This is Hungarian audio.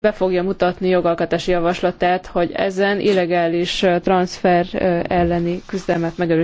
be fogja mutatni jogalkotási javaslatát, hogy ezen illegális transfer elleni küzdelmet megerősítse.